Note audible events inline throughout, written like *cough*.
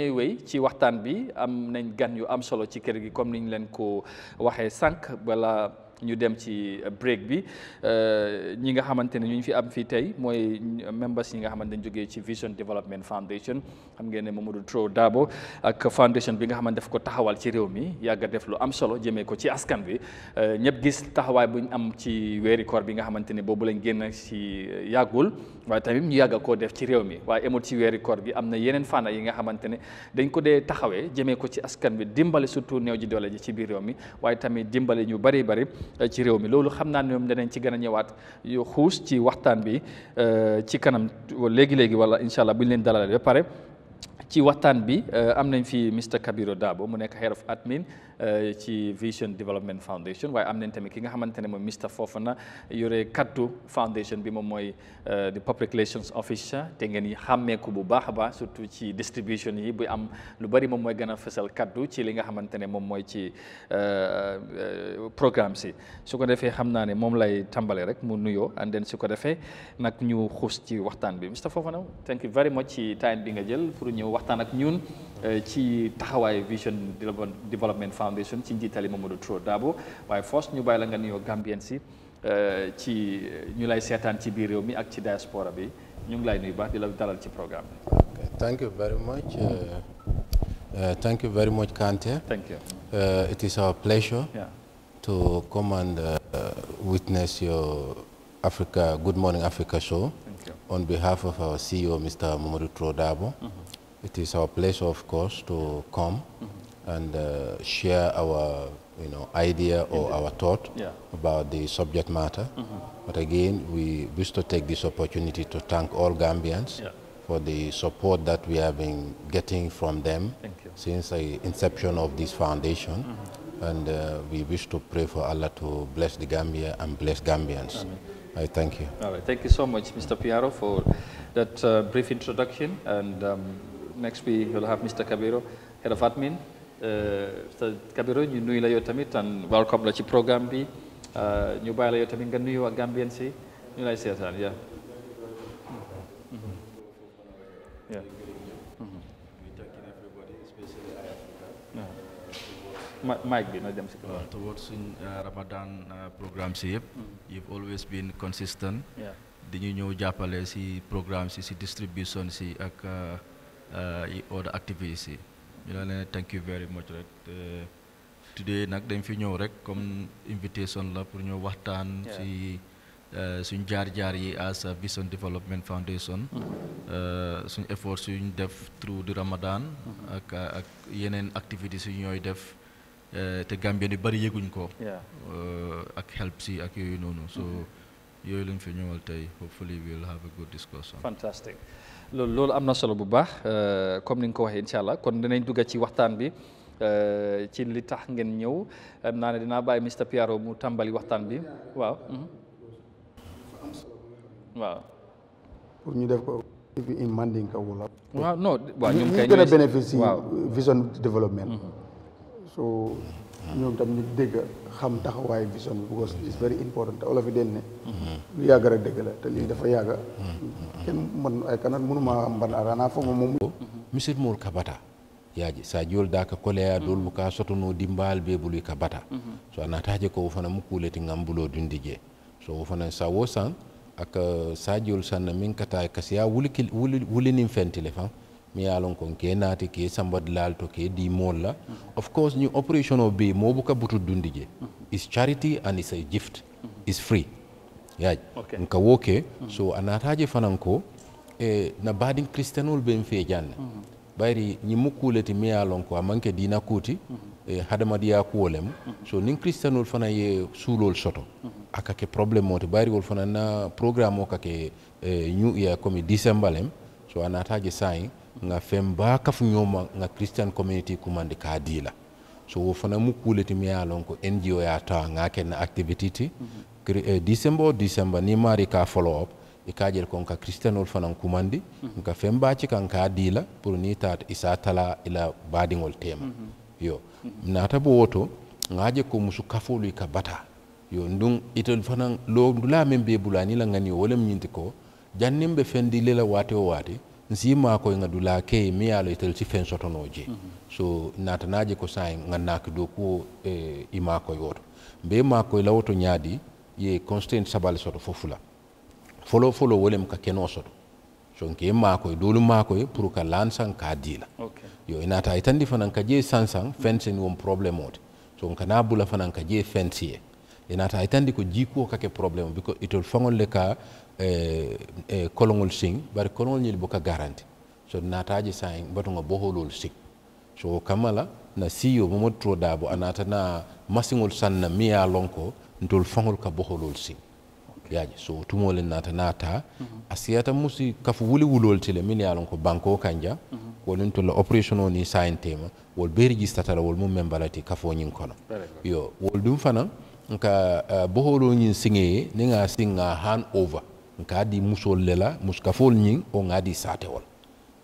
ñuy wéy ci waxtaan bi am nañ gan yu am solo ci kër gi comme niñ leen ko waxee sànq wala ñu dem ci euh, break bi euh, ñi nga xamante ne ñu fi am fii tey mooy members yi nga xamante ne jógee ci Vision Development Foundation xam ngeen ne Mamadou Tro Dabo ak foundation bi nga xamante daf ko taxawal ci réew mi yàgg def lu am solo jëmee ko ci askan bi euh, ñëpp gis taxawaay bu ñu am ci weeri koor bi nga xamante ne boobu lañ génn ci yàggul waaye tamit ñu yàgg koo def ci réew mi waaye emul ci weeri koor bi am na yeneen fànna yi nga xamante ne dañ ko dee taxawee jëmee ko ci askan bi dimbale surtout néew ji doole ji ci biir réew mi waaye tamit dimbale ñu bari bari ci réew mi loolu xam naa ne ñoom danañ ci gën a ñëwaat yu xuus ci waxtaan bi euh, ci kanam léegi léegi wala incha allah bu ñu leen dalalee ba pare ci waxtaan bi euh, am nañ fi Mr Kabiro Dabo mu nekk head of admin Eh, ci Vision Development Foundation waaye am nañ tamit ki nga xamante ne moom Mr Fofana yore kaddu foundation bi moom mooy the eh, public relations officer te ngeen xàmmee ko bu baax a baax surtout ci distribution yi bu am lu bari moom mooy gën a fësal kaddu ci li nga xamante ne moom mooy ci eh, programme si su ko defee xam naa ne moom lay tàmbali rek mu nuyoo and then su ko defee nag ñu xuus ci waxtaan bi Mr Fofana thank you very much ci time bi nga jël pour ñëw waxtaan ak ñun. Eh, ci taxawaay Vision Development Foundation ci njiitali Mamadou Tro Dabo waaye foos ñu bàyyi la nga nuyoo Gambien si eh, ci ñu lay seetaan ci biir réew mi ak ci diaspora bi ñu ngi lay nuyu baax di la dalal ci programme Okay, thank you very much. Uh, thank you very much, Kante. Thank you. Uh, it is our pleasure yeah. to come and uh, witness your Africa Good Morning Africa show on behalf of our CEO, Mr. Mamadou Trodabo. Mm -hmm. It is our pleasure, of course, to come mm -hmm. and uh, share our you know, idea or Indeed. our thought yeah. about the subject matter. Mm -hmm. But again, we wish to take this opportunity to thank all Gambians yeah. for the support that we have been getting from them since the inception of this foundation. Mm -hmm. And uh, we wish to pray for Allah to bless the Gambia and bless Gambians. Amen. I thank you. All right. Thank you so much, Mr. Piaro, for that uh, brief introduction. and. Um, next we will have Mr. Kabiro, head of admin. Uh, Mr. Kabiro, ñu la yow tamit and welcome la ci programme bi. ñu uh, bàyyi you yow tamit nga nuyu ak Gambien si ñu lay seetaan yeah. Mm-hmm. Mm-hmm. Mm-hmm. yeah. Mike uh, Towards in, uh, Ramadan uh, programs here, mm. you've always been consistent. Yeah. Then you know Japale, see si see distribution, see like, uh, Uh, i all the activities. Uh, thank you very much uh, today nag dañ fi ñëw rek comme invitation la pour ñu waxtaan si suñ jaar-jaar yi as Vision Development Foundation mm-hmm. suñ effort suñ def through the Ramadan mm-hmm. ak ak yeneen activités yu ñooy def te Gambien yu bari yëguñ ko ak help si ak yooyu so mm-hmm. yooyu lañ fi ñëwal hopefully we'll have a good discussion fantastic loolu loolu am na solo bu baax euh, comme ni nga ko waxee incha allah kon dinañ dugg ci waxtaan bi euh, ci li tax ngeen ñëw am naa dinaa bàyyi Mr Piaro mu tàmbali waxtaan bi waaw. Mhm. pour ñu def ko. in Mandinka wolof. waaw non waaw ñu gën a bénéficie vision développement. Mhm. ñoom tam ñu dégg xam taxawaay vision bi because it's very important te olof yi den ne mhm. lu yàgg rek dëgg la te lii dafa yàgga mhm. kenn man ay kanan mënuma mban arana fomo moom misirmol mhm. ka bata yaaji sa jol da ka koleya dol bu ka sotono dimbal be bulu ka bata so wuli wuli wuli nim fentile fan mi ye a kon ke naati ke sambadi laal to ke di mool la of course ñu operation o bi moo buka butu dundi je is charity and is a gift is free yaaj nka wo ke so a naataaje fanan ko e na baadin christianol ben fee janne bayri ñi mukkuleti mi ye ko a manke diina kuuti e hadamadiya kuwo lem so nin christianol fana ye suulol soto aka ke probléme o te bayriwol fana na programme o ka ke ñu ya comme décembre lem so a naataaje saayin nga fem ba kafu ɲɔgɔn ma nga christian community kumandi k'a di la so wo fana mu kule ti miya ko ngo y'a ta nga ken activity ti eh, december o december ni mari k'a follow up i k'a jɛl kon ka christianol fana kumandi nga fem ba ci kan k'a di la pour ni ta isa tala ila ngol tema yo nata bo woto nga je ko musu kafolu i ka bata yo ndung itol fana lo ndula min be bulani la ŋani wo lem ñinti ko jannin be fendi lela wate o waati nzima ko nga dula ke mi alo itel ci fen sotono je mm -hmm. so nata ko sai nga nak do ko e eh, ima ko yoto be ma ko lawto nyaadi ye constant sabal soto fofula folo folo wolem ka keno soto so nke ma ko dolu ma ko pour ka lansan ka dila okay. yo inata itandi fanan ka je sansan fencing won problem ot so kana bula fanan ka je fencier inata itandi ko jiko ke problem biko itol fangol le ka kolongol sing siŋ bari koloŋol ñiŋ buka garanti so naataaji saayiŋ batuŋo boholol siŋ so kamala na siyo momadu turo daabo a naata na masiŋol saŋ na miŋ ye a loŋ ka boholol siŋ yaaji so tumole tumoo le naata naa taa a siyata musi kafu wuli wulol ti le miŋ ye a loŋ ko bankoo wolin to la operation o niŋ saayiŋ teema wolu bee registata la wolu mu meŋ bala kono yo wol dum fana nka boholoo ñiŋ siŋe ye niŋ a hand over nka di musol le la muskafol ñing o nga di satewol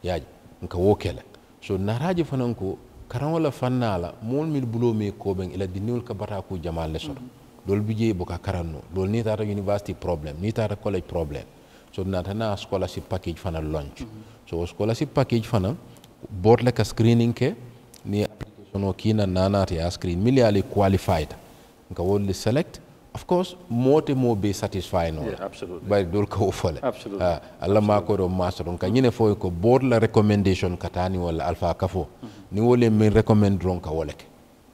yaaj nka wo kele so naraje fanan ko karaŋo la fanna la mool mil buloo mee koobeŋ ila dinniwol ka bataa ku jamal le soto loolu bi jee boka karaŋ no loolu niŋ taata university problème niŋ taata college problème so naata naa scholarship package fana launch so scholarship package fana boot le ka screening ke ni application o kii na naanaata ye screen mil ye a le qualified nka wolu le select of course moote mo be satisfy no yeah, bari dol ko fole absolutely ah, ma ko do master don kan mm-hmm. yene ko board la recommendation katani wala alpha kafo mm-hmm. ni wole min recommend ron ka wole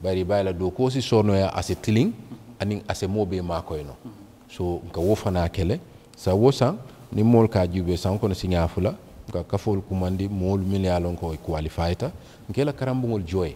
bari bayla do ko si sono ya ase tiling ani -hmm. anin ase mo be ma ko no mm-hmm. so ka wo fana kele sa wo san ni mol ka jube san ko si fula ka kafol kumandi mol min ya lon ko e qualifyta ta ngela karambungol joy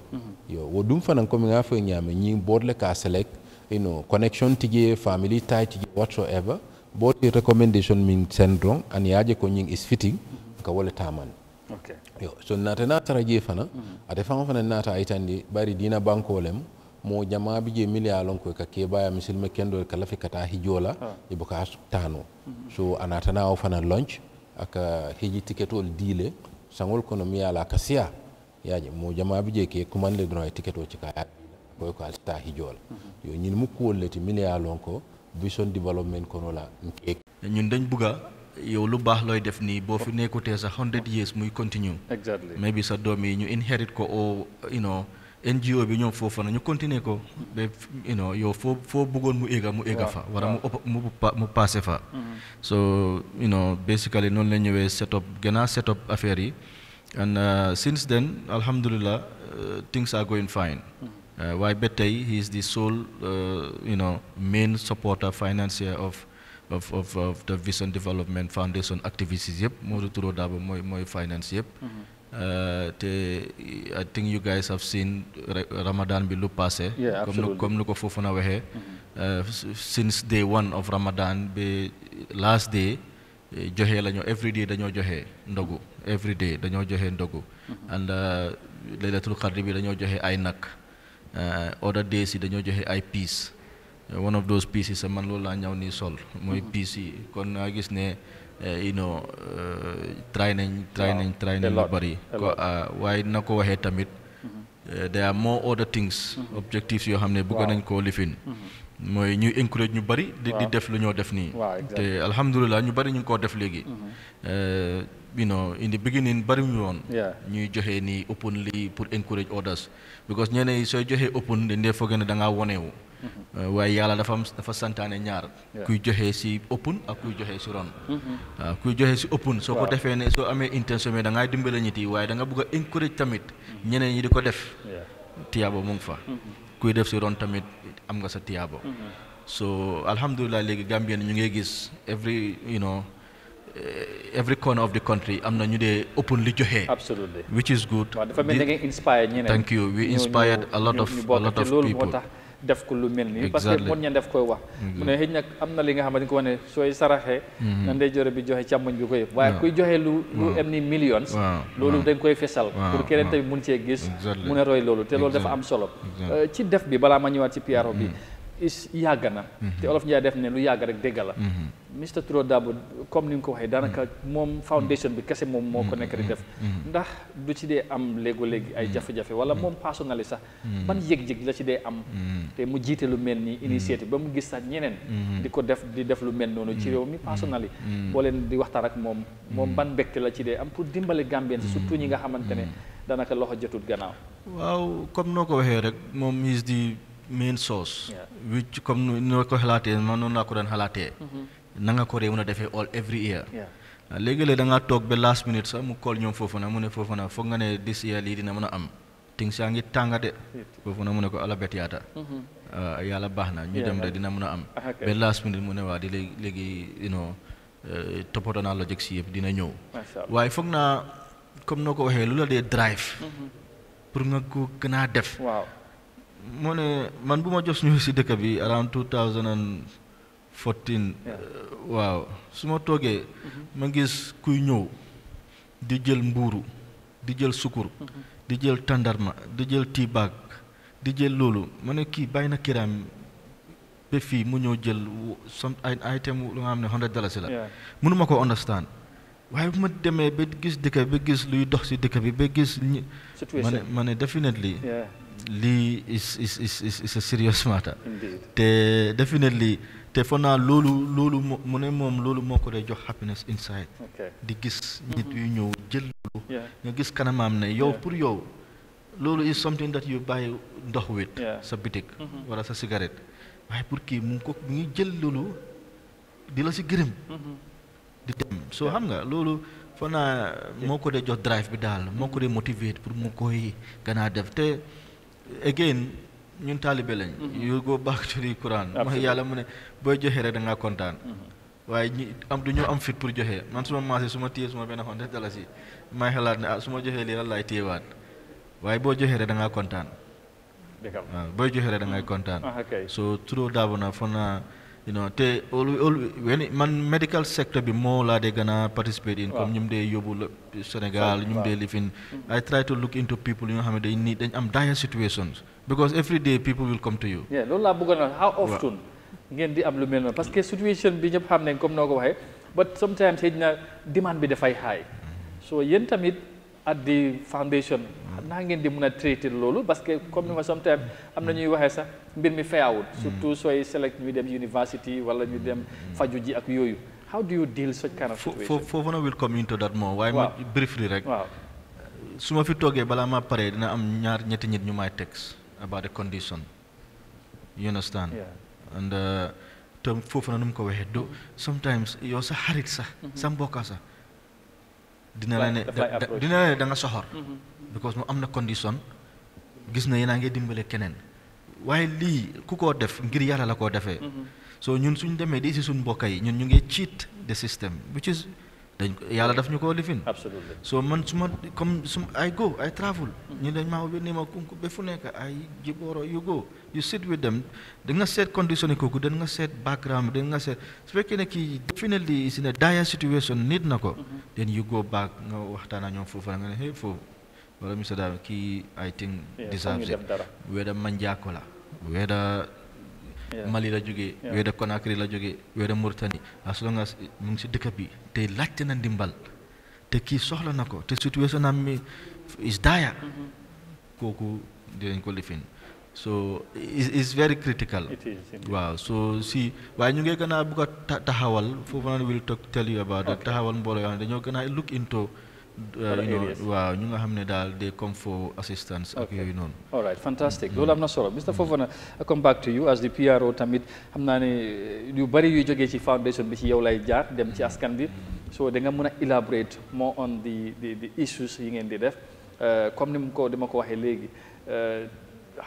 yo wo dum fana ko mi nga fo nyame ñi board le ka select you know, connection to your family tie to your whatsoever, But the recommendation min syndrome and the ko nying is fitting ka wala taman. Okay. Yo, so nata nata raje fana, mm -hmm. ate fama fana nata aitandi bari dina banko lem, mo jamaa bi je milia lon ko ka kebaya misilme kendo ka lafi kata hijola ah. ibo tano. Mm-hmm. So anata na fana lunch aka hiji ticket ol dile sangol kono mi ala kasiya yaje yaani, mo jamaa bi je ke commande droit ticketol ci kaya. koye ko alta hijola yo ñin mukkuwol leti ko vision ñun dañ bugga yow lu baax looy def nii boo fi nekkutee sax hundred years muy continue exactly maybe sa doom yi ñu inherit ko o you NGO bi ñoom foofu na ñu continuer ko ba you know yow foo foo bëggoon mu éega mu éega fa wala mu ëpp mu mu fa mm-hmm. so you know basically noonu la ñëwee set up gannaaw affaire yi and uh, since then alhamdulillah uh, things are going fine mm-hmm. Uh, waaye ba tey he is the sole uh, you know main supporter financier of of of of the Vision Development Foundation activities yëpp Modou Touré Daba mooy mooy finance yëpp. Mm-hmm. Uh, te I think you guys have seen Ramadan bi lu passé. comme comme come look foofu na waxee. Mm-hmm. since day one of Ramadan bi last day eh, joxe lañu every day dañoo joxe ndogo. every day dañoo joxe ndogo. Mm-hmm. and laylatul xadri bi dañoo joxe ay ainak. Euh, other days yi dañoo joxe ay piece euh, one of those sa man loolu laa ñaw nii sol mooy mm-hmm. piece yi kon naa gis ne euh, you know try nañ try nañ try nañ lu bari ko waaye na ko waxee tamit mm-hmm. there are more other things mm-hmm. objectives yoo xam ne bëgg nañ koo lifin mooy ñuy encourage ñu bari di def lu ñoo def nii te alhamdulilah ñu bari ñu ngi koo def léegi you know in the beginning bari ñu woon ñuy joxe nii openly pour encourage others because ñeneen yi sooy joxee open dañ dee foog ne da wonewu mm-hmm. uh, waaye yàlla dafa am dafa santaane ñaar kuy joxe si open ak kuy joxe si ron waaw mm-hmm. uh, kuy joxe si open soo ko defee ne soo amee intention mais da ngaa dimbale ñit yi waaye danga nga bëgg a encourage tamit ñeneen ñi di ko def tiyaabo mu fa mm-hmm. kuy def si ron tamit am nga sa tiyaabo so alhamdulilah léegi Gambien ñu ngi gis every you know Eh, every corner of the country am na ñu dee open li joxe. absolutely which is good. waaw dafa mel ni ngeen inspired ñeneen. thank you we inspired a lot of a lot of people. ko lu mel nii parce que moon ñeen def koy wax mm-hmm. mu ne xëy nag am na li nga xam ne ko wax ne sooy saraxee mm-hmm. na ndeyjoor bi joxe càmmoñ bi koy waaye kuy joxe lu lu am ni millions loolu dañ koy fesal pour keneen tamit mun see gis mun a roy loolu te loolu dafa am solo euh, ci def bi balaa ma ñëwaat ci PRO bi mm-hmm. yàgg na. te olof Ndiaye def ne lu yàgg rek dégg la. Mr Touré Dabo comme ni nga ko waxee daanaka moom foundation bi kese moom moo ko nekk di def. ndax du ci dee am léego léegi ay jafe-jafe wala moom personnel sax. ban yëg-yëg la ci dee am. te mu jiite lu mel ni initiative ba mu gis sax ñeneen. di ko def di def lu mel noonu ci réew mi personnel boo leen di waxtaan ak moom moom ban mbégte la ci dee am pour dimbale Gambien surtout ñi nga xamante ne daanaka loxo jotul gannaaw. waaw main source which comme noo ko xalaatee man noonu laa ko doon xalaatee mm-hmm. na nga ko dee mën a defee all every year ah, léegi-léeg da ngaa toog ba last minute sax mu call ñoom foofu na mu ne foofu na foog nga ne this year lii dina mën a am ting saa ngi tàngate foofu na mu ne ko ala bet mm-hmm. ah, yàlla baax na ñu dem de dina mën a am ah, ba last minute mu ne waa di léegi léegi you know eh, toppatoo naa logic si yëpp dina ñëw waaye foog naa comme noo ko waxee lu la dee drive mm-hmm. pour nga ko gën a def waaw mu ne man bu ma jox ñu si dëkk bi around uh, waaw su ma toogee mm-hmm. ma gis kuy ñëw di jël mbuuru di jël sukur mm-hmm. di jël tàndarma di jël tiibaag di jël loolu ma ne kii bàyyi na kiraam ba fii mu ñëw jël some item lu nga xam ne hundred dalasi la mënuma ko understand waaye bu ma demee ba gis dëkk bi ba gis luy dox si dëkk bi ba gis. situation ma ne ma ne definitely. lii is is is is a serious matter. te definitely te foog naa loolu loolu mu ne moom loolu moo ko dee jox happiness inside. di gis mm-hmm. nit yu ñëw jël loolu. nga gis kanamaam ne yow pour yow. loolu is something that you buy ndox wit. sa bitik. Mm-hmm. wala sa cigarette. waaye pour kii mu ko mu ngi jël loolu di la si gërëm. Mm-hmm. di dem soo xam nga loolu foog naa moo ko dee jox drive bi daal moo ko dee motiver pour mu koy gën a def te again ñun taalibe lañ mhm. you go baax to the Quran yàlla mu ne booy joxe rek da kontaan mhm. waaye ñi am du ñu am fit pour joxe man suma maase su ma téye suma benn xonte dalasi may xalaat ne ah, su ma joxee lii lan laay téyewaat waaye boo joxee rek da kontaan waaw booy joxe rek da kontaan ah, so trop daabu na you know te all, all when man medical sector be more laa dee gonna participate in comme ñum de yobu, Sénégal ñum dee live in I try to look into people You know how ne need dañ am dire situations because every day people will come to you yeah loolu la bëggoon how often ngeen di am lu mel parce que situation bi ñëpp xam nañ comme noo ko but sometimes xëy demand demande bi dafay high so yéen tamit at the foundation mm. naa ngeen di mën a traiter loolu parce que comme ni ma sometimes am na ñuy mm. waxee sax mbir mi fayawut mm. surtout sooy select ñuy dem university wala ñu dem faju ji ak yooyu how do you deal such kind of situation foofu na will come into that more waaye ma briefly rek su ma fi toogee balaa ma paree dina am ñaar ñetti nit ñu may text about the condition you understand yeah. and uh, te foofu na nu ko waxee do sometimes yow sa xarit sax mm-hmm. sa mbokka sax dina la ne dina la ne da nga soxor mm-hmm. because mu am na condition gis na yéen a ngi dimbale keneen waaye lii ku koo def ngir yàlla la koo defee mm-hmm. so ñun suñ demee di si suñ mbokk yi ñun ñu ngi cheat the system which is dañ ko yàlla daf ñu ko lifin so man su ma comme su ay go ay travel ñu dañ maa wér ma kunku ba fu nekk ay jibooro you go you sit with them da nga seet condition kooku da nga seet background da nga seet su fekkee ne kii definitely is in a dire situation nit na ko mm-hmm. then you go back nga waxtaan a ñoom foofu nga ne hey foofu wala monsieur Dame kii I think deserves it whether manjaako la Mali la jógee yooyu da Conakry la jógee yooyu da Mauritanie as long as mu ngi si dëkk bi te laajte na ndimbal soxla situation am mi is dire mm-hmm. koku dinañ ko lifin so it's, very critical wow so see why ñu ngi gëna bu ko taxawal fofu will talk tell you about okay. that taxawal Dan yo dañu gëna look into waaw ñu nga xam ne daal des comfort assistance ak yooyu noonu all right fantastic mm-hmm. loolu am na solo Mr Fofana come back to you as the PRO tamit xam naa ne eh, yu bari yu jógee ci foundation bi ci yow lay jaar dem ci askan bi so danga mën a elaborate more on the issues yi ngeen di def eh, comme ni mu ko dama ko waxee léegi eh,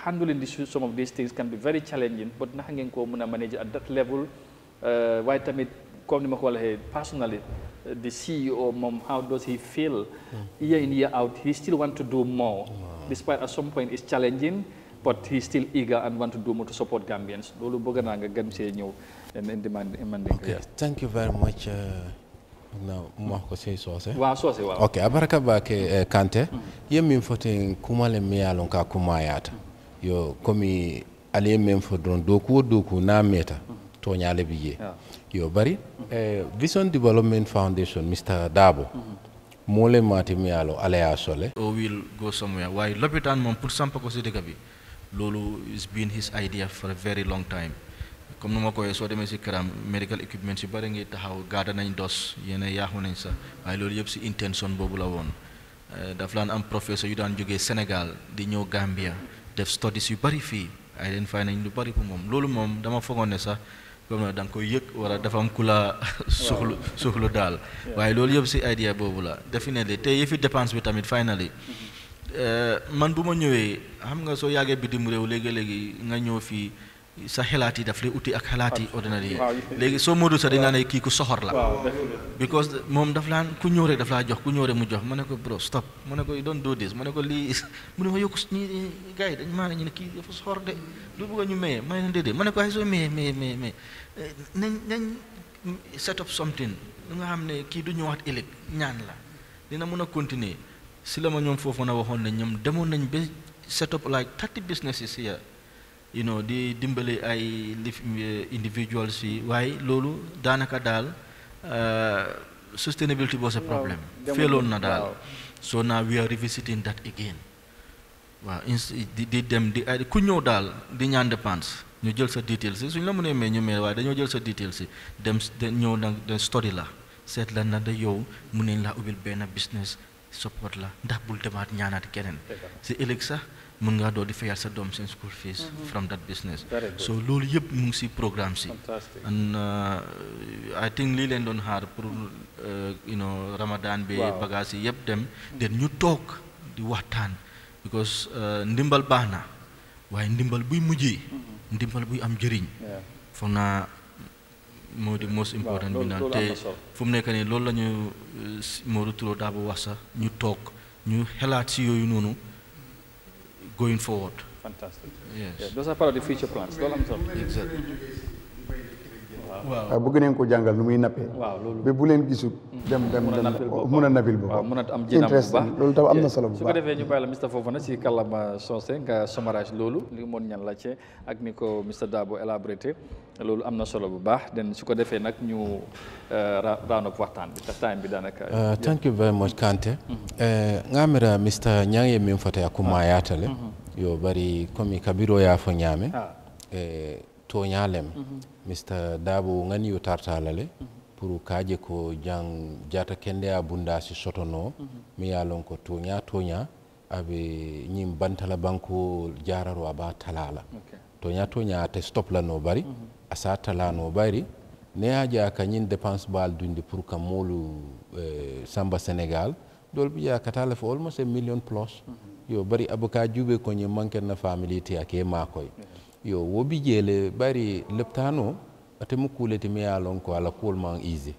handling the issues some of these things can be very challenging but naka ngeen koo mën a manage at that level waaye tamit comme ni ma ko waxee personally the CEO mom, how does he feel year in, year out? He still want to do more, wow. despite at some point it's challenging, but he's still eager and want to do more to support Gambians. Lolu bogana nga gam sey and demand Okay, thank you very much. Uh, no mo ko sey okay abaraka ba ke eh, kante hmm. yemi foten kumale miyalon ka kumayata yo komi aliye men don doku doku na meta toñale ɓe jeeyi yo bari e vision development foundation mr dabo mm-hmm. mole matimi yaalo alaya sole o oh, will go somewhere waaye lopitaan moom pour samp ko si dëkk bi loolu is been his idea for a very long time comme nu ma koy soo demee si këram medical equipment si bëri ngi taxaw gaada nañ dos yéen yaaxu nañ sax waaye loolu yëpp si intention boobu la woon eh, daf laan am professeur yu daan jógee Sénégal di ñëw Gambia def studies yu bëri comme na da nga koy yëg wala dafa am ku la *laughs* ya. suxlu daal ya. waaye loolu yëpp si idea boobu la definitely te yëfi dépense bi tamit finally mhm. eh, man bu ma ñëwee xam nga soo yàggee bitim réew léegi-léegi nga ñëw fii sa yi daf lay uti ak xalaat ah. yi ordinaire ah, yi léegi soo moodul sax dañ ah. ne kii ku soxor la because moom daf kunyore ku ñëw rek daf laa jox ku ñëw rek mu jox ne ko bro stop mu ne ko don't do this mu ne ko lii mu ne ma yokku ñi gars yi dañ maa ne ñu ne kii dafa soxor de lu bëgg ñu maye may na déedéet ne ko ay soo nañ nañ set up something lu nga xam ne kii du ñëwaat ëllëg ñaan la dina mën a continuer si la ma ñoom foofu na waxoon ne ñoom demoon nañ ba set up like thirty businesses here you know di dimbale ay lif eh, individuals yi waaye loolu daanaka daal eh, sustainability was a problem feeloon na daal so now we are revisiting that again waaw di dem di ku ñëw daal di ñaan dépense ñu jël sa detail si suñ la mënee may ñu may waaye dañoo jël sa detail dem ñëw de story la seet la na da yow mu neñ laa ubbil benn business support la ndax bul demaat ñaanaat keneen si ëllëg sax mën ngaa doo di fayal sa doom seen school fees mhm. from that business so loolu yëpp mu ngi si programme si and uh, i think lii leen doon xaar pour uh, you know ramadan bi wow. yep yi yëpp dem den ñu toog di waxtaan because uh, ndimbal baax na waaye ndimbal buy mujjee mm -hmm. ndimbal buy am jëriñ foog naa moo di most important bi naan te fu mu nekk nii loolu lañu ñu eh, Modou Touré daa bu wax sax ñu toog ñu xelaat si yooyu noonu going forward. Fantastic. Yes. waaw ah, bëgg nañ ko jàngal nu muy nappee waaw loolu ba bu leen gisul dem dem mun a nappil boppam mun a am jinaam bu baax loolu tam am na solo bu baax su ko defee ñu bàyyi la Mr Fofana si kàllaama soose nga sommarage loolu li moon ñan la ci ak ni ko Mr Dabo élaboré loolu am na solo bu baax den su ko defee nag ñu euh, raanop waxtaan bi te time bi daanaka euh, thank you very much Kante mhm. euh, ngamira Mr Ñange min fotaya kuma ah. yaatale mhm. yo bari i kabiro yaa fo ñaame ah. e toñalem mhm. mista daabo ŋaniyo tartalale mhm. pour kaaje ko jan jata kende a bunda si sotono mhm. mi ya lon ko toña toña aɓe ñin bantala banko jararo aba talala toña toña ate stop lano bari mhm. a sa talano bari ne aja ka ñin dépense baal dundi pour ka moolu eh, samba sénégal dol bi ja katale fo olmost e million plus yo bari abaka juuɓe ko ñin manque na familité a ke makoye yo wo bi jele bari leptano atemu mi ye lon ko ala kul man easy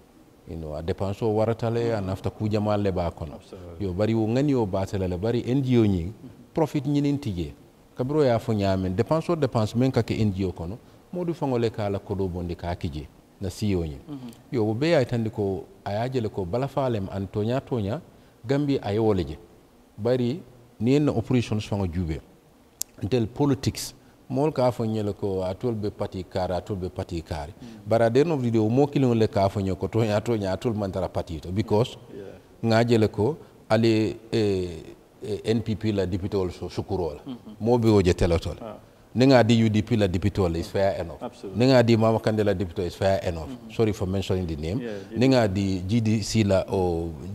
you know, a dépense o warata le a nafta ku jamal le ba kono yo bari wo ngani wo batale le bari ndio ñiŋ profit ni ti je kabiro ye a fo ñaameŋ dépense dépense meŋ ka ke ndio kono moodu faŋo le ka a la kodoo bondi ka kije na siyo e ni mhm. yo wo bee ye tandi ko a ye a je le ko balafaalem ani toña toña gambi a ye wo le je bari niŋ na operations faŋo juubee ntel politics mool ka fo ñele ko atol be pati kar atol be pati kaari mm. bara den of video mo kilin le ka fo ñoko to ya to nya atol man tara pati to because yeah. nga jele ko ali eh, eh, NPP la député wol so sukuro la mm -hmm. mo be o je telotol ah. ni nga di UDP la député ol is fair enough Absolutely. ni nga di Mama Kande la député is fair enough mm -hmm. sorry for mentioning the name yeah, ni nga di GDC la o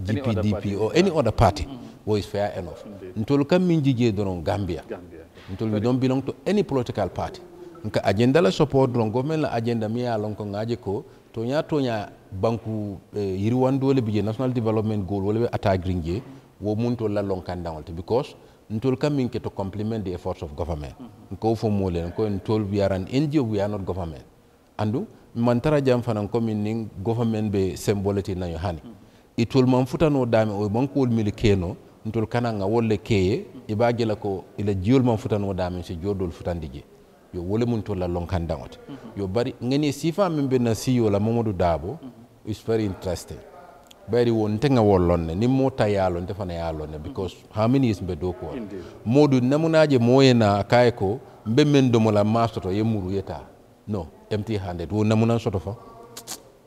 GPDP or any other party mm-hmm. wo is fair enough ntol kam min jije doron Gambia, Gambia. ntol mi don't belong to any political party nka agenda la support don government la agenda mi ya lon ko ngaje ko to nya to nya banku eh, yirwando le national development goal wala be ata gringe wo mun to la lon kan dangol because ntol kam min to complement the efforts of government ko fo mo len ko ntol we are an ngo we are not government andu man tara jam fanan ko min ning government be symbolity na yo hani itol man futano dame o man ko mil ntol kana wolle keye i be la ko ila jiol man futanoo daamin si futandi je yo wole mun to la lonkandaŋote yo bari ŋeni sifa min be na siyo e la mamadou daabo is very interesting bari wo nte ŋa wo loŋ ne niŋ moo ta ye a loŋ nte fana ye a loŋ ne because how many mbe doo kuwo la moo du namunaaje moo ye naa a ka ye ko mbe meŋ domo la maa soto ye muru ye taa no empty handed wo namunaŋ soto fa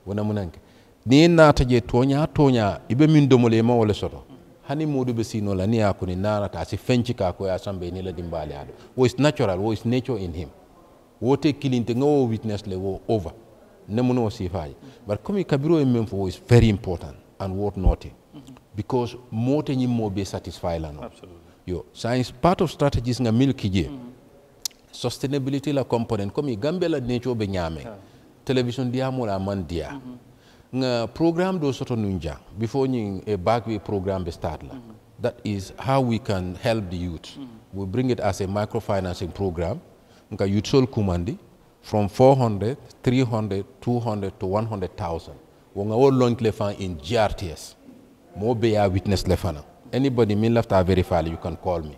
wo namunaŋ ke niŋ ye naata je tooñaa tooñaa i be miŋ domo la i wo le soto hani modu be sino la niya kuni nara ta si fenci ka ko ya ni la dimbali ado wo is natural wo is nature in him wo te kilinte ngo witness le wo over ne mun wo faaji but comme kabiro e mem fo wo is very important and worth noting mm -hmm. because mote ni mo be satisfy la no yo science part of strategies nga milki je mm -hmm. sustainability la component comme gambela la nature be nyame yeah. television dia mo la man dia mm -hmm nga programme do soto nun jang before ñing e eh, bagwe programme be start la mm -hmm. that is how we can help the youth mm -hmm. we bring it as a microfinancing program nga youth sol kumandi from 400 300 200 to 100000 wo nga wo launch le fan in grts mo be ya witness le fan anybody min lafta verify you can call me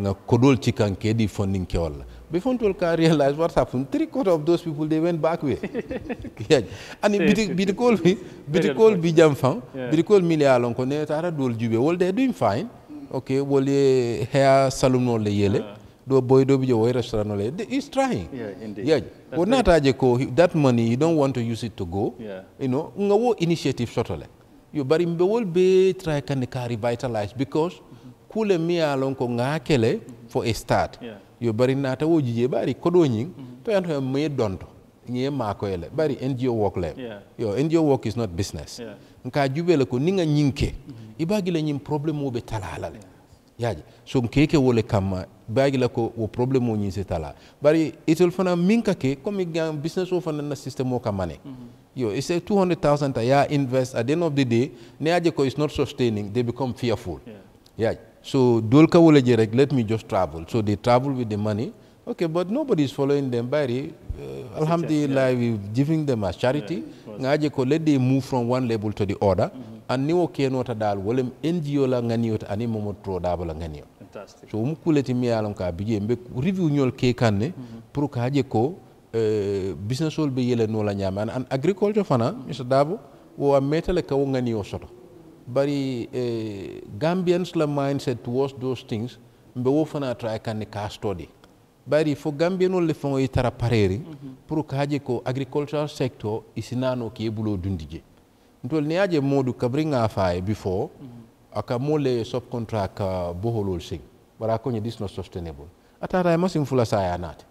nga kodol ci kan ke di funding ke wala Before can realized what happened, three quarter of those people they went back with. *laughs* yeah. And bitikol bi bitikol bi jamfang bitikol milia lonko ne tara jube. Well, they're doing fine. Okay, well, hair salon no yele. Do boy do bijo boy restaurant no He's trying. Yeah, indeed. Yeah. Well, not ajeko that money you don't want to use it to go. Yeah. You know, ngawo initiative shotole. You but bari mbewol be try can revitalize because mm-hmm. kule mia lonko ngakele mm-hmm. for a start. Yeah. yo bari naata woji je ɓaari koɗo ñing to yanto hen maye donto ñiye maakoyele ɓaari ngo work le yo ngo work is not business nka juɓele ko ninga ñinke i baagila ñin probléme o ɓe talala le yaaji so keke wole kamma baagila ko wo probléme o ñin si tala bari itol fana min ka ke comme gan business o fana na systéme o ka mane mm-hmm. yo it's a 200000 ta ya invest at the end of the day ne aje ko is not sustaining they become fearful yeah. So Dulka Woleje, like, let me just travel. So they travel with the money. Okay, but nobody is following them. Bari, uh, alhamdulillah, yeah. we're giving them as charity. Yeah, let them move from one level to the other. Mm-hmm. And niwo kenota dal wolem NGO la nganiot ani momo tro dabala nganiot. Fantastic. So umukuleti mi alam ka bije mbe review nyol ke kanne mm-hmm. pour ka haje ko eh, business ol be yele no la nyama and agriculture fana Mr. Mm-hmm. Dabo wo ametele ka wo ngani soto bari eh, Gambians la mindset towards those things mbe wo fana try kan ka study bari fo Gambian le fon yi tara pareri mm -hmm. pour ka je ko agricultural sector isinano ke bulo dundije ntol ne aje modu kabri nga before mm -hmm. aka mole subcontract uh, boholol sing bara ko ni this not sustainable atara masin fula saya nat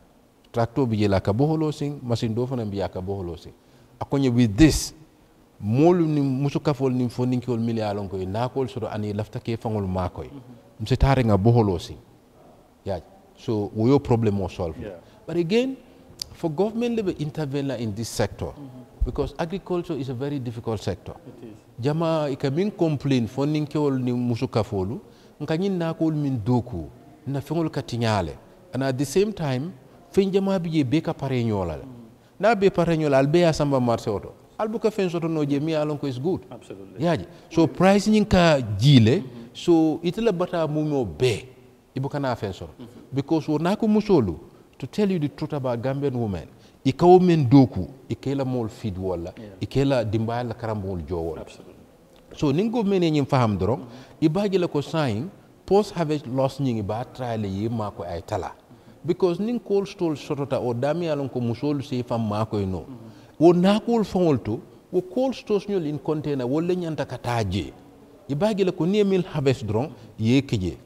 tractor bi la ka boholol sing masin do fana bi ya ka boholol sing akonye with this moolu ni musukafol ni fo ninkewol miliyalon koy naakol soto ani ke faŋol maa koy mm-hmm. mse taariŋa boholoo si yaaj so wo yo problème o solve yeah. but again for government level intervene in this sector mm -hmm. because agriculture is a very difficult sector jama ika min complain fo ninkewol ni musukafolu nka ñiŋ naakol min dooku na feŋol ka tiñaale and at the same time feŋ jama bi je bee ka pare ñoola le mm -hmm. naa bee pare al bee ye samba marché oto albuka fen soto no je mi alon ko is good absolutely yaji so price nyin ka jile so itila bata mumo be ibuka na fen soto because wona ko musolu to tell you the truth about Gambian women ikawo men doku ikela mol feed wala ikela dimbal karambol jowol so ningo mene nyim faham doron ibaji la ko sign post harvest loss nyingi ba trial yi mako ay tala because ning cold stall sotota o dami alon ko musolu se fam mako no mm -hmm. wo naakowol faŋol to wo kool stosñol in container le ñanta ka taa jee i baagi la ko niŋ ye miŋ habes doroŋ ye ke jee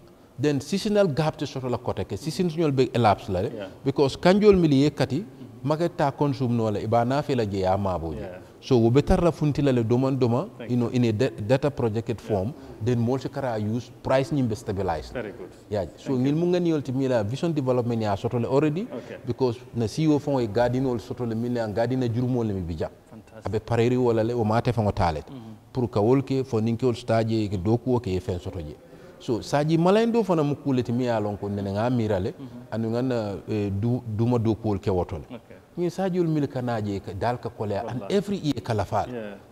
then sisinal gap te soto la kote ke sisinñol be elapse la le because kanjol mili ye kati make taa consume noo la i baa naa fe la jee ye a maaboo je yeah. So we better rafuntila le domain domain, you know, in a data projected form, yeah. then more kara use price nimbe stabilized. Very good. Yeah. So ngil munga ni ultimi la vision development ya sotole already okay. because na CEO fon e garden sotole mille an garden jurumol le mi bija. Fantastic. Abe pareri wala le o mate fon otale. Mm -hmm. Pour ka ke fo ninke ol stage ke doku o ke fen sotoje. So saji do fana mukuleti mi lon ko nene nga mirale mm -hmm. anu ngan eh, du, duma doku ol ke Okay. misajul milka naaje ka dal ka kole an every year kalafal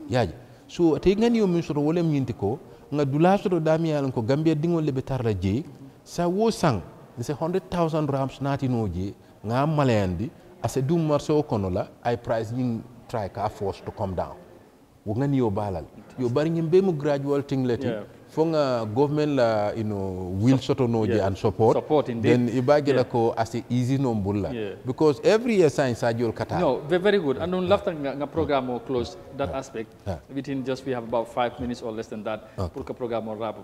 yaji so te ngani yo min soto wolem ñinti ko nga dula soto damiyalan ko gambia dingol le be tarra jeyi sa wo sang se 100000 rams naatino je nga malayandi ase dum marché o kono la ay price ñing try ka force to come down wo ngani yo balal yo bari ñim be mu gradual ting leti fonga uh, government la uh, you know will sotonoje yeah. and support support indeed then ibagela yeah. ko as easy no because every year science your kata no very good and on left lafta nga program or close that aspect within just we have about 5 minutes or less than that pour ka program or wrap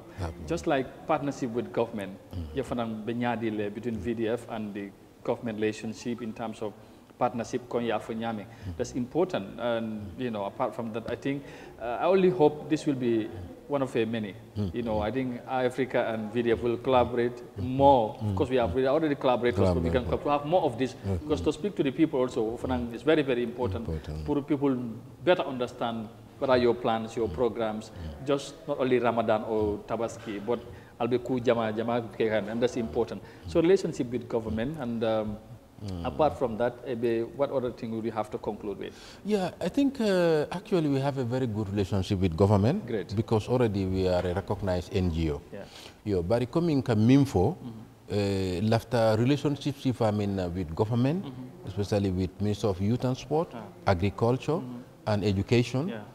just like partnership with government mm. yefanam benyadi le between VDF and the government relationship in terms of partnership Konya yafanyame. Mm. That's important. And, you know, apart from that, I think, uh, I only hope this will be one of a many. Mm. You know, I think Africa and VDF will collaborate hmm. more. Mm. Of course, we have we already collaborated, so we can to have more of this. Hmm. Because to speak to the people also, Fanang, is very, very important, important. For people better understand what are your plans, your hmm. programs, just not only Ramadan or Tabaski, but Albeku Jama, Jama, and that's important. So relationship with government and um, Hmm. Apart from that, Ebe, what other thing would you have to conclude with? Yeah, I think uh, actually we have a very good relationship with government. Great. Because already we are a recognized NGO. Yeah. Yo, but coming ka minfo, mm-hmm. uh, after relationships if I mean uh, with government, mm -hmm. especially with Minister of Youth and Sport, ah. Agriculture, mm -hmm. and Education. Yeah.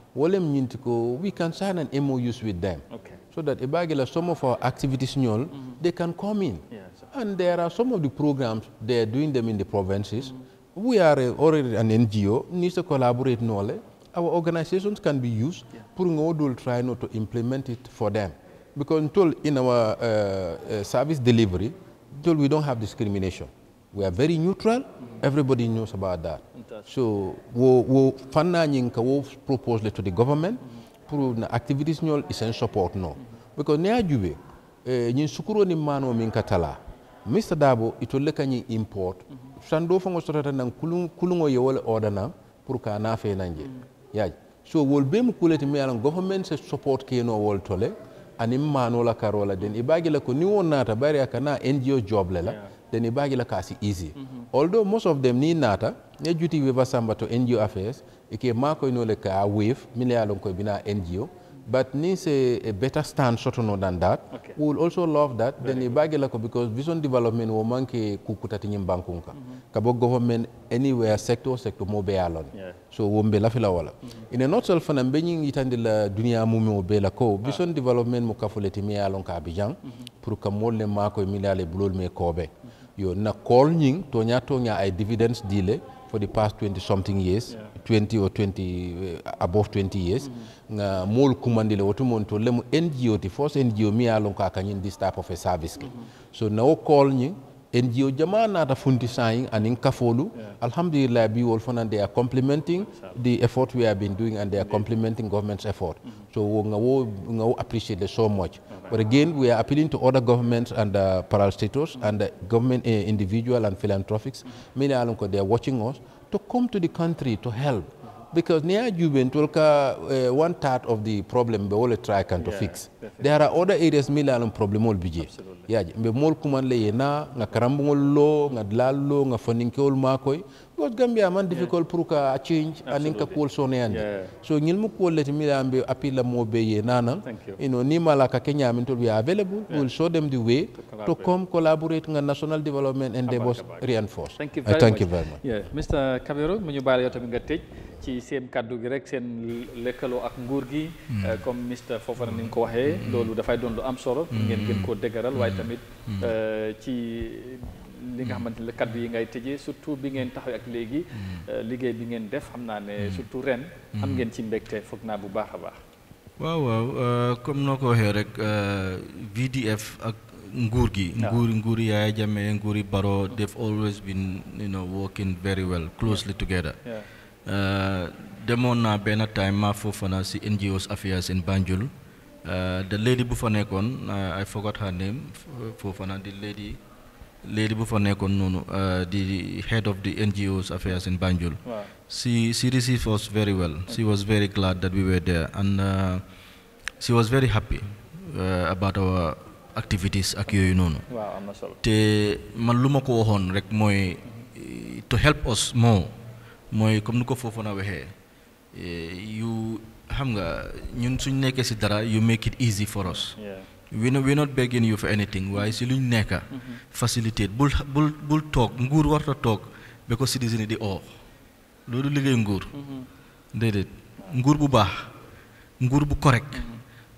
we can sign an MOUs with them. Okay. So that ebagila some of our activities mm -hmm. they can come in. Yeah and there are some of the programs, they're doing them in the provinces. Mm. We are already an NGO, needs to collaborate knowledge. Our organizations can be used, yeah. will try not to implement it for them. Because until in our uh, uh, service delivery, until we don't have discrimination. We are very neutral. Mm -hmm. Everybody knows about that. So we funding we propose to the government for mm-hmm. na activities is in support now, mm-hmm. Because ne we eh, nyin sukuro ni mano min katala. mista dabo itolle kañi import tan ɗo fongo sotata nan kulugo yewole odana pour ka que ana fe nanje yaaji so wol be mo kuleti mi alan government se support ke keno wol tole anin manola karola den i la ko ni won naata bari a kana ngo job le la den i bagila ka si easy mm-hmm. although most of them ni naata ne juti wiva samba to ngo affairs ike le ka a wave mile yalon koye bina ngo But NIS a, a better stand shotono than that. Okay. We will also love that. Very then ibagela ko because vision development wo manke kukutati nyimbankunka. Mm -hmm. Kabo government anywhere sector sector mo be alone. Yeah. So wo mbe lafila wala. Mm In a nutshell fana mbenyi itandila the mume wo be la ko ah. vision ah. development mo kafoleti me alon ka Abidjan mm -hmm. pour ka molle mako emilale bulol me kobe. Mm Yo na call nying tonya tonya ay dividends dile eh, for the past twenty something years. Yeah. 20 or 20 uh, above 20 years mm. nga mol -hmm. kumandile wotu mon to lemu ngo ti force ngo mi alon ka kanyin this type of a service ke mm -hmm. so no call ni ngo jama nata funti sayin anin kafolu yeah. alhamdulillah bi wol fonan they are complimenting the effort we have been doing and they are complimenting government's effort mm -hmm. so nga wo nga appreciate so much but again we are appealing to other governments and uh, parastatals mm -hmm. and uh, government uh, individual and philanthropics mm -hmm. many alon ko they are watching us to come to the country to help. Because near Jubin, uh, eh, one third of the problem be all try can to yeah, fix. Definitely. There are other areas mila alam problem all bije. Yeah, be mol kuman le yena nga karambungol lo nga dlalo nga foninkol makoy. because Gambia pour ka a so ñil mu kuwol leti mbiɗa mbi appil la mo be ye nanan ino ni mala ka ke ñamintol collaborate nga national development endeavours reinforce thank you very much Mr Kabirou mu ñu baal yow nga tëj ci seen kaddu gi rek seen lekkaloo ak nguur gi hmm. euh, comme Mr Fofana ni nga ko waxee hmm. loolu dafay doon lu am solo hmm. ngeen gën koo dëgëral waaye tamit euh, ci li nga mm. xamante ne bi yi ngay tëjee surtout bi ngeen taxaw ak léegi mm. euh, liggéey bi ngeen def xam naa ne mm. surtout ren am ngeen ci mbégte foog naa bu baax a baax waaw waaw euh, comme noo ko waxee rek euh, VDF ak nguur gi nguur nguuri Yaya Jammeh nguuri Barrow they've always been you know working very well closely together demoon naa benn time maa foofu na si NGOs affairs in Banjul the lady bu fa nekkoon I forgot her name foofu na the lady Lady bu fa uh, the head of the NGOs affairs in Banjul. Wow. She she received us very well. Okay. She was very glad that we were there, and uh, she was very happy uh, about our activities ak yooyu noonu. waaw am not sure. The man lu ma ko to help us more mooy comme ni ko foofu eh, you, waxee yu xam sidara, you make it easy for us. Yeah we no we not begging you for anything waaye si luñ nekka facilitate bul bul bul toog nguur warta toog because ko citizen yi di oo loolu liggéey nguur déedéet nguur bu baax nguur bu correct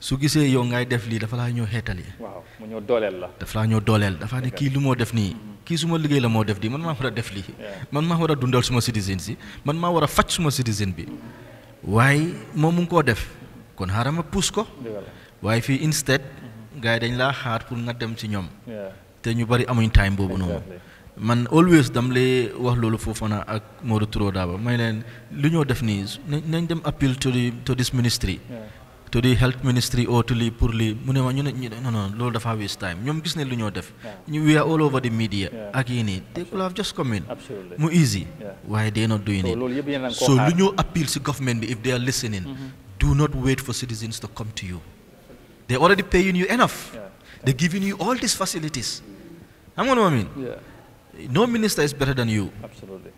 su gisee yow ngay def lii dafa laa ñëw xeetal yi waaw mu ñëw dooleel la dafa laa ñëw dooleel dafa ne kii lu moo def nii kii suma liggéey la moo def di man maa war a def lii man maa war a dundal suma citizen si man maa war a faj suma citizen bi waaye moom mu ngi koo def kon xaaral ma puus ko waaye fii instead gars yi dañ laa xaar pour nga dem ci ñoom. te ñu bari amuñ time boobu noonu. man always dam lay wax loolu Fofana ak Modou Touré Daba may leen lu ñoo def nii nañ dem appeal to the to this ministry. to the health ministry or to lii pour lii mu ne ma ñu ne non non loolu dafa waste time ñoom gis ne lu ñoo def. ñu we are all over the media. ak yii nii they could have just come in. mu easy. waaye they not doing it. so lu ñoo appeal si government bi if they are listening. Mm-hmm. do not wait for citizens to come to you. They're already paying you enough. Yeah. They're giving you all these facilities. I'm going to mean. Yeah. No minister is better than you. Absolutely.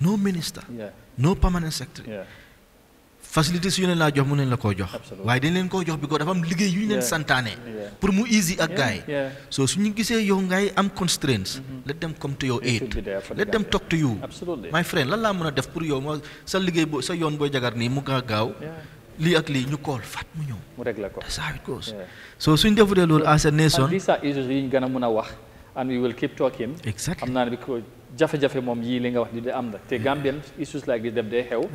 No minister. Yeah. No permanent secretary. Yeah. facilities yu ne laa have mu ne la koo jox waaye dañ leen koo jox bi ko dafa am liggéey yu ñu leen santaane pour mu easy ak gaay so you say young guy, i am constraints mm-hmm. let them come to your aid let them talk to you Absolutely. my friend lala, laa mën a def pour yow ma sa liggéey boo sa yoon booy jagar nii mu gaa gaaw lii ak lii ñu kool fat mu ñëw. mu ko that's how it goes. so suñ as a nation. and these are issues yi ñu wax and we will keep talking. exactly am because jafe-jafe li nga wax am na te issues like this xew.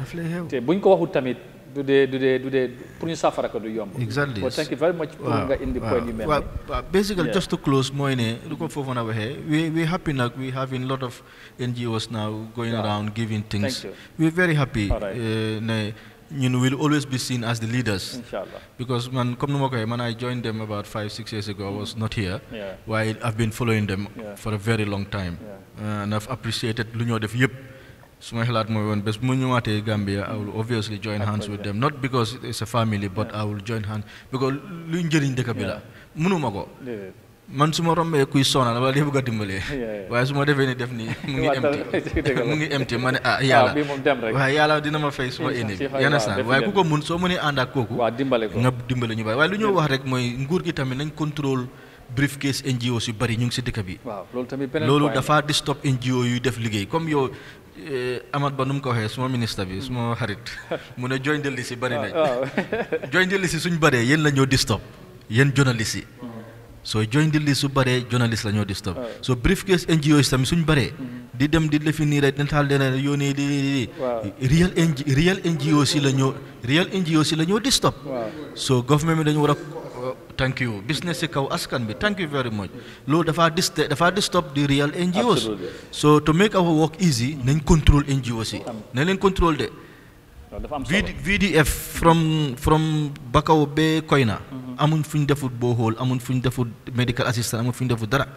te buñ ko tamit. du du du pour ñu ko du yomb. exactly thank you very much. pour nga indi point yu mel basically just to close mooy ne lu ko foofu na we we happy nag we in lot of NGOs now going around giving things. we very happy eh, ne ñun will always be seen as the leaders. Inshallah. Because man, come to man, I joined them about five, six years ago. I was not here. Yeah. While I've been following them yeah. for a very long time. Yeah. Uh, and I've appreciated Lunyo Def Yip. So my heart more best Munyuate Gambia, I will obviously join hands with them. Not because it's a family, but I will join hands because Lunjerin de Kabila. Munumako. man suma rombé kuy sonal wala def eh, ko dimbalé waye suma défé ni def ni mu ngi empty mu ngi empty mané ah yalla waye yalla dina ma fay suma ene yana sa waye ku ko mun so muni and ak koku wa dimbalé ko nga dimbalé ñu bay waye lu ñu wax rek moy nguur gi tamit nañ control briefcase NGO si bari ñu ngi ci dëkk bi loolu dafa distop NGO yu def liggéey comme yow amat ba num ko waxee suma ministre bi suma xarit mu ne join the list bari oh, nañ oh. *laughs* join the list yi suñ baree yéen la ñoo distop yéen journalist yi hmm. so join the list su bëree journalist la ñoo disturb so brief case NGOs tamit suñ bëree mm-hmm. di dem di lefi nii rek nataal leneen yónnee di di real NG real NGOs la ñoo real NGOs la ñoo disturb so government mi dañu war a uh, thank you business si kaw askan bi thank you very much loolu dafaa dis dafaa disturb di real NGOs so to make our work easy nañ control NGOs yi nañ leen control de VDF from from Bakau ba Koyna. Mhm. amuñ fu ñu defut borehole amuñ fu ñu defut medical assistant amuñ fu ñu defut dara.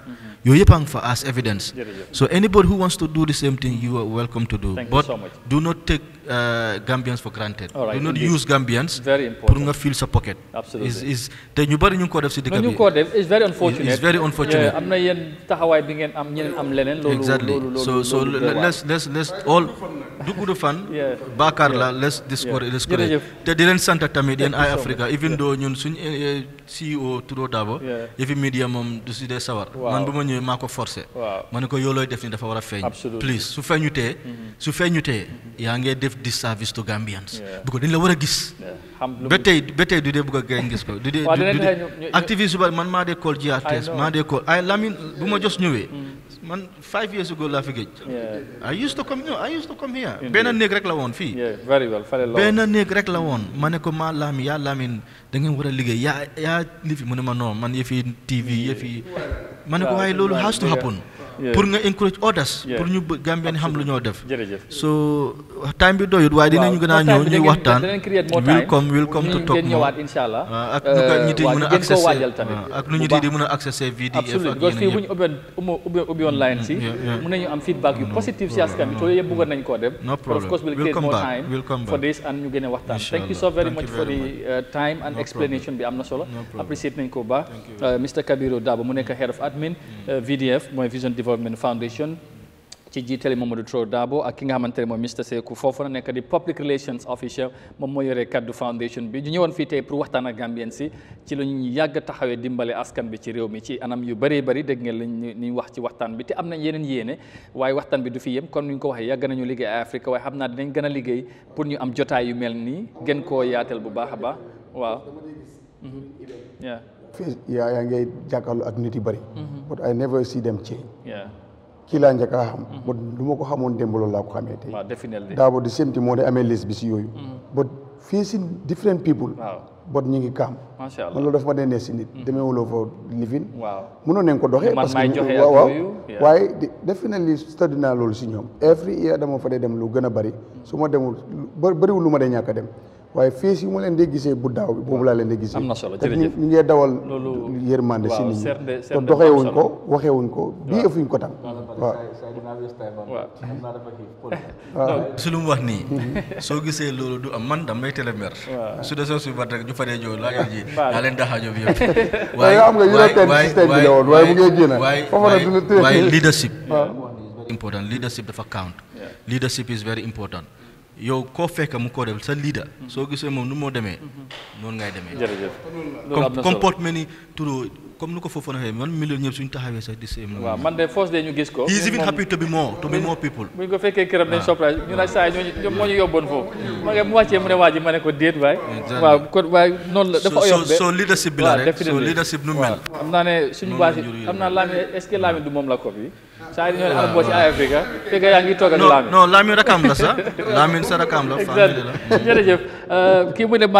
yooyu yëpp a ngi fa as evidence. so anybody who wants to do the same thing you are welcome to do. but do not take uh, Gambians for granted. do not use Gambians. pour nga fill sa pocket. is is te ñu bari ñu ngi ko def si dëkk bi. ñu ko def it's very unfortunate. it's very unfortunate. am na yéen taxawaay bi ngeen am ñeneen am leneen. loolu loolu exactly so so let's let's let's all. du gudd fan. *laughs* baakaar la et let's discourage. te di len sante tamit yéen ay Africa even do ñun suñ eh, eh, CEO Tudo Dabo. yëfi media moom du ci des sawar. man buma ma mako forcer ko forcé. ko yoolooy def ni dafa wara feñ feeñ. please su feeñutee. Mm-hmm. su feeñutee ya ngee def disservice to Gambians. bu ko dañ la wara gis. ba tey ba tey du dee bëgg a gis ko. du dee *laughs* du dee activiste man maa dee call GRTS maa dee call ay Lamine buma ma jos ñëwee. Mm-hmm. man five years ago laa fi géej. I used to come I used here. benn néeg rek la woon fii. very néeg rek la woon. ma ne ko maa Lamin yaa Lamin da ngeen war a liggéey yaa yaa li fi mu ne ma non man yëfi TV yëfi. ma ne ko waaye loolu has to happen. pour nga encourage others. pour ñu Gambien xam lu ñoo def. so time bi doyut waaye dinañu gën a ñëw ñuy waxtaan. welcome welcome to talk moom ah, euh, a accès ah, ak a a uh, euh, mu nekk head of admin mm. euh, VDF mooy Vision Development Foundation ci jiitale Mamadou Tro Dabo ak ki nga xamante ne mooy Mr Sekou Fofana nekk di public relations officer moom moo yore foundation bi ñu ñëwoon fii tey pour waxtaan ak Gambien si ci la ñu yàgg taxawee dimbale askan bi ci réew mi ci anam yu bëree bëri dégg ngeen lañ ñu wax ci waxtaan bi te am nañ yeneen yéene waaye waxtaan bi du fi yem kon ñu ko waxee yàgg nañu liggéey ay Afrique waaye xam naa dinañ gën a liggéey pour ñu am jotaay yu mel nii gën koo yaatal a yaa yaa ngay jàkkaarloo ak nit yi bëri. but I never see them change. kii laa njëkk a xam. but lu ma ko xamoon démb loolu laa ko xamee tey. waaw ah, definitely daabo di same thing moo di amee liste bi si yooyu. but facing different people. waaw but ñu mm-hmm. ngi kaam. macha allah man loolu dafa ma dee ne si nit. demee wuloo fa livin. waaw mënoon nañ ko doxee. parce que waaw waaw waaye definitely study naa loolu si ñoom. every year dama fa dee dem lu gën a bëri su ma demul bëriwul lu ma dee ñàkk a dem. waaye fees yi ma leen di gisee bu daaw bi boobu laa leen di gisee. am na solo jërëjëf ñu ngee dawal. loolu yërmande si nit ñi te doxewuñ ko waxewuñ ko bii ëfuñ ko tam. waaw waaw. su lu mu wax nii. Mhm. soo gisee loolu du am man damay teel a mer. su dee soo suy bat rek ñu faree joo laa leen ji laa leen daxaa joo bi yëpp. *laughs* waaye waaye waaye waaye waaye waaye leadership. important leadership dafa count. leadership is very important. yow koo fekk mu koo def sa leader. soo gisee moom nu moo demee. noonu ngay demee. jërëjëf comme comportement ni turu comme nu ko foofu na xëy man million ñëpp suñu taxawee sax di seen. waaw man de force de ñu gis ko. he is even happy to be more to be more people. bu ñu ko fekkee këram dañ surprise mm. ma ko déet waay. waaw la dafa oyof de. soo leadership bi la rek soo leadership nu mel. am naa ne suñu baas yi am naa Lamin est-ce du moom la ko saa yi ñoo ne boo ci Eye Africa fekk yaa ngi toog ak Lamine rakam la sax Lamine sa rakam la famille la jërëjëf euh, kii mu